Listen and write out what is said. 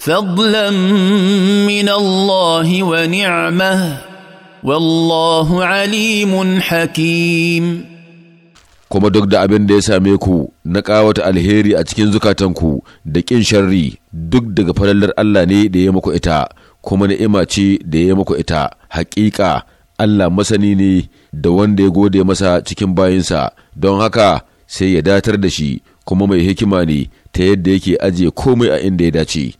فضلا من الله ونعمه والله عليم حكيم kuma duk da abin da ya same ku na ƙawata alheri a cikin zukatanku da ƙin sharri duk daga falalar Allah ne da ya muku ita kuma ni'ima ce da ya muku ita haƙiƙa Allah masani ne da wanda ya gode masa cikin bayinsa don haka sai ya datar da shi kuma mai hikima ne ta yadda yake ajiye komai a inda ya dace